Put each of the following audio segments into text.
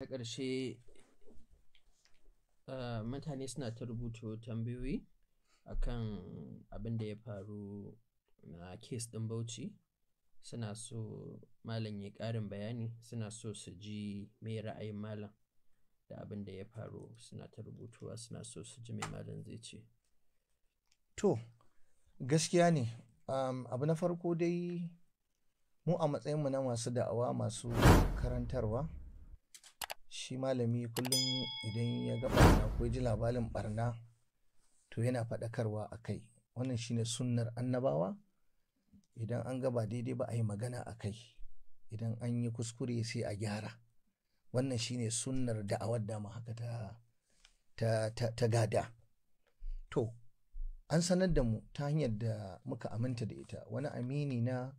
ta ƙarshe eh, mutane suna ta rubuto tambayoyi akan abin da ya faru na kes ɗin bauchi suna so malam ya ƙarin bayani suna so su ji mai ra'ayin malam da abinda ya faru suna ta rubutuwa suna so su ji mai malam zai ce to gaskiya ne abu na farko dai mu a matsayinmu na masu da'awa masu karantarwa shi malami kullum idan ya ga barna ko ji labarin barna to yana faɗakarwa a kai wannan shine sunnar annabawa idan an gaba daidai ba a yi magana a kai idan an yi kuskure sai a gyara wannan shine sunnar da'awar da mu haka ta ta, ta, gada to an sanar da mu ta hanyar da muka aminta da ita wani amini na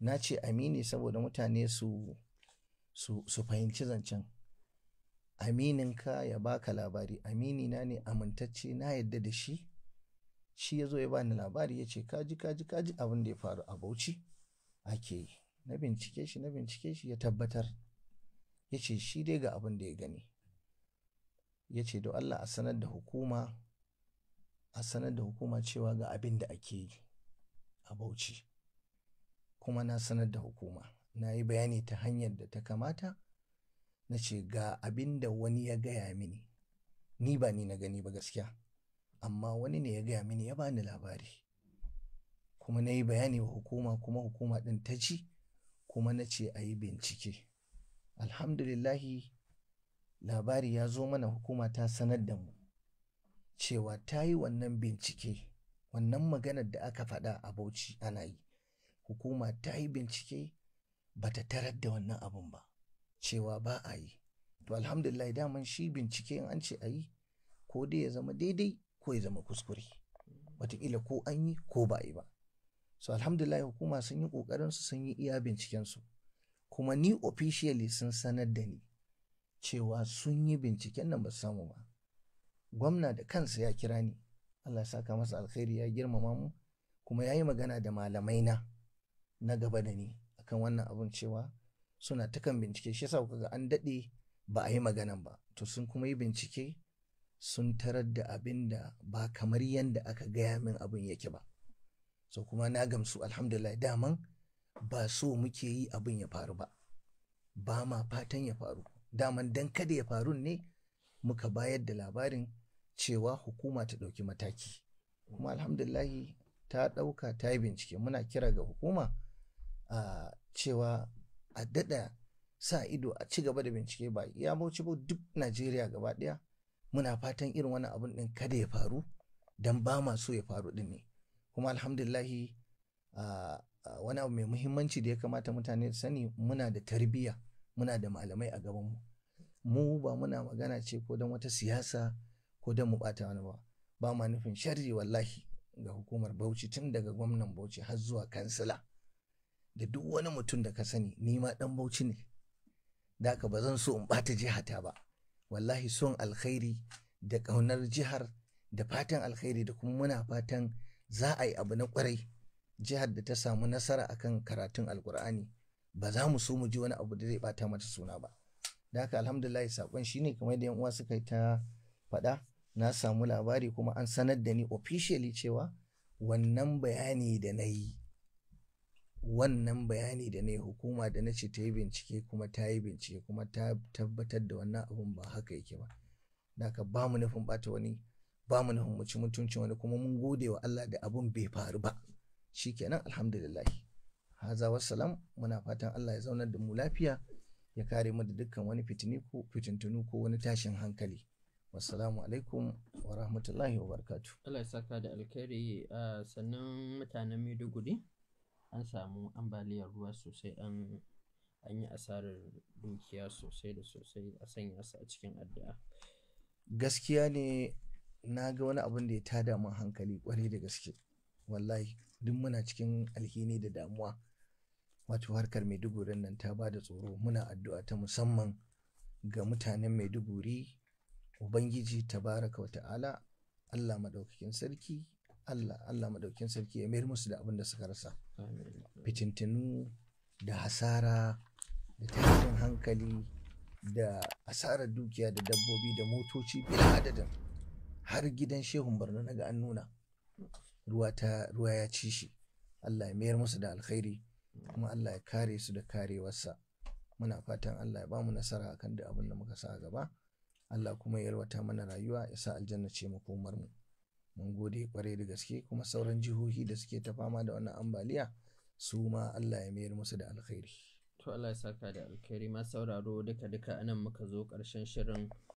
na ce amini saboda mutane su, su fahimci zancen amininka ya baka labari aminina ne amintacce na yadda da shi shi ya zo ya bani labari ya ce kaji kaji kaji abin da ya faru a bauchi ake yi na bincike shi na bincike shi ya tabbatar ya ce shi dai ga abin da ya gani ya ce don allah a sanar da hukuma a sanar da hukuma cewa ga abin da ake yi a bauchi kuma na sanar da hukuma na yi bayani ta hanyar da ta kamata na ce ga abin da wani ya gaya mini ni ba ni na gani ba gaskiya amma wani ne ya gaya mini ya bani labari kuma na yi bayani wa hukuma kuma hukuma ɗin ta ci kuma na ce a yi bincike alhamdulillahi labari ya zo mana hukuma ta sanar da mu cewa ta yi wannan bincike wannan maganar da aka faɗa a bauchi ana yi hukuma ta yi bincike ba ta tarar da wannan abun ba cewa ba a yi to alhamdulillah daman shi bincike in an ce a yi ko dai ya zama daidai ko ya zama kuskure wataƙila ko an yi ko ba a yi ba so alhamdulillah hukuma sun yi ƙoƙarin su sun yi iya binciken su kuma ni officially sun sanar da ni cewa sun yi binciken nan ba su samu ba gwamna da kansa ya kira ni Allah ya saka masa alkhairi ya girmama mu kuma ya yi magana da malamai na na gaba da ni akan wannan abun cewa suna ta kan bincike shi yasa kuka an daɗe ba a yi maganan ba to sun kuma yi bincike sun tarar da abin da ba kamar yadda aka gaya min abin yake ba so kuma na gamsu alhamdulillah daman ba so muke yi abin ya faru ba ba ma fatan ya faru daman dan kada ya faru ne muka bayar da labarin cewa hukuma ta ɗauki mataki kuma alhamdulahi ta ɗauka ta yi bincike muna kira ga hukuma a ah, cewa a daɗa sa ido a ci gaba da bincike ba ya bauchi ba duk najeriya gaba ɗaya muna fatan irin wani abun ɗin kada ya faru don ba ma so ya faru ɗin ne kuma alhamdulillahi wani abu mai muhimmanci da ya kamata mutane sani muna da tarbiyya muna da malamai a gaban mu mu ba muna magana ce ko dan wata siyasa ko don mu bata wani ba ba ma nufin sharri wallahi ga hukumar bauchi tun daga gwamnan bauchi har zuwa kansila da duk wani mutum da ka sani ni ma dan bauchi ne da ka ba zan so in bata jihata ba wallahi son alkhairi da kaunar jihar da fatan alkhairi da kuma muna fatan za a yi abu na kwarai jihar da ta samu nasara akan karatun alkur'ani ba za mu so mu ji wani abu da zai bata mata suna ba da haka alhamdulillah sakon shine kamar da yan uwa suka yi ta faɗa na samu labari kuma an sanar da ni officially cewa wannan bayani da na yi wannan bayani da ne hukuma da na ce ta yi bincike kuma ta yi bincike kuma ta tabbatar da wannan abun ba haka yake ba naka ba mu nufin bata wani ba mu nufin muci mutuncin wani kuma mun gode wa Allah da abun bai faru ba shi shikenan alhamdulillah haza wassalam muna fatan Allah ya zauna da mu lafiya ya kare mu da dukkan wani fitini ko fitintunu ko wani tashin hankali wassalamu alaikum wa rahmatullahi wa barakatuh Allah ya saka da alkhairi ah, sannan mutanen Maiduguri an samu ambaliyar ruwa sosai an an yi asarar dukiya sosai da sosai a sanya su a cikin addu'a. Gaskiya ne na ga wani abin da ya tada min hankali kwarai da gaske wallahi duk muna cikin alhini da damuwa wato harkar Maiduguri nan ta ba da tsoro muna addu'a ta musamman ga mutanen Maiduguri Ubangiji tabaraka wa ta'ala Allah maɗaukakin sarki Allah Allah madaukin sarki ya mayar musu da abin da suka rasa fitintinu da hasara da tashin hankali da asarar dukiya da dabbobi da motoci bila adadin har gidan shehun barna ga an nuna ruwa ta ruwa ya ci shi Allah ya mayar musu da alkhairi kuma Allah ya kare su da karewarsa muna fatan Allah ya ba mu nasara akan da abin da muka sa gaba Allah kuma ya yalwata mana rayuwa ya sa aljanna ce makomar mu mun gode kwarai da gaske kuma sauran jihohi da suke ta fama da wannan ambaliya su ma Allah ya mayar musu da alkhairi to Allah ya saka da alkhairi ma sauraro duka duka anan muka zo ƙarshen shirin